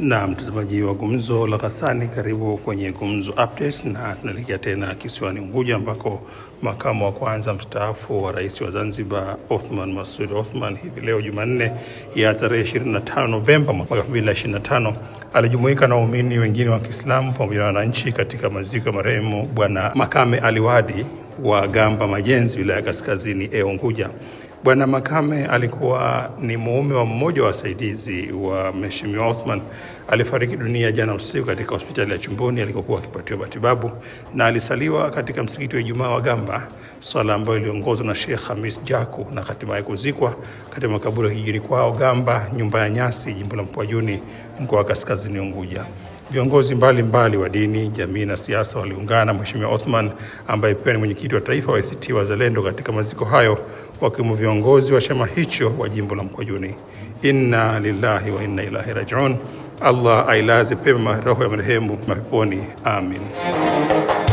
Na mtazamaji wa Gumzo la Ghassani, karibu kwenye Gumzo Updates, na tunaelekea tena kisiwani Unguja ambako makamu wa kwanza mstaafu wa rais wa Zanzibar Othman Masoud Othman hivi leo Jumanne ya tarehe 25 Novemba mwaka 2025 alijumuika na waumini wengine wa Kiislamu pamoja na wananchi katika maziko ya marehemu Bwana Makame aliwadi wa Gamba Majenzi, wilaya ya Kaskazini e Unguja. Bwana Makame alikuwa ni muume wa mmoja wa wasaidizi wa Mheshimiwa Othman. Alifariki dunia jana usiku katika hospitali ya Chumbuni alikokuwa akipatiwa matibabu, na alisaliwa katika msikiti wa Ijumaa wa Gamba, swala ambayo iliongozwa na Sheikh Hamis Jaku na hatimaye kuzikwa katika makaburi ya kijijini kwao Gamba, nyumba ya nyasi, jimbo la Mpwajuni, mkoa wa Kaskazini Unguja. Viongozi mbalimbali wa dini, jamii na siasa waliungana Mheshimiwa Othman ambaye pia ni mwenyekiti wa taifa wa ACT Wazalendo katika maziko hayo, wakiwemo viongozi wa chama hicho wa jimbo la Mkwajuni. Inna lillahi wa inna ilaihi rajiun. Allah ailaze pema roho ya marehemu mapeponi, amin.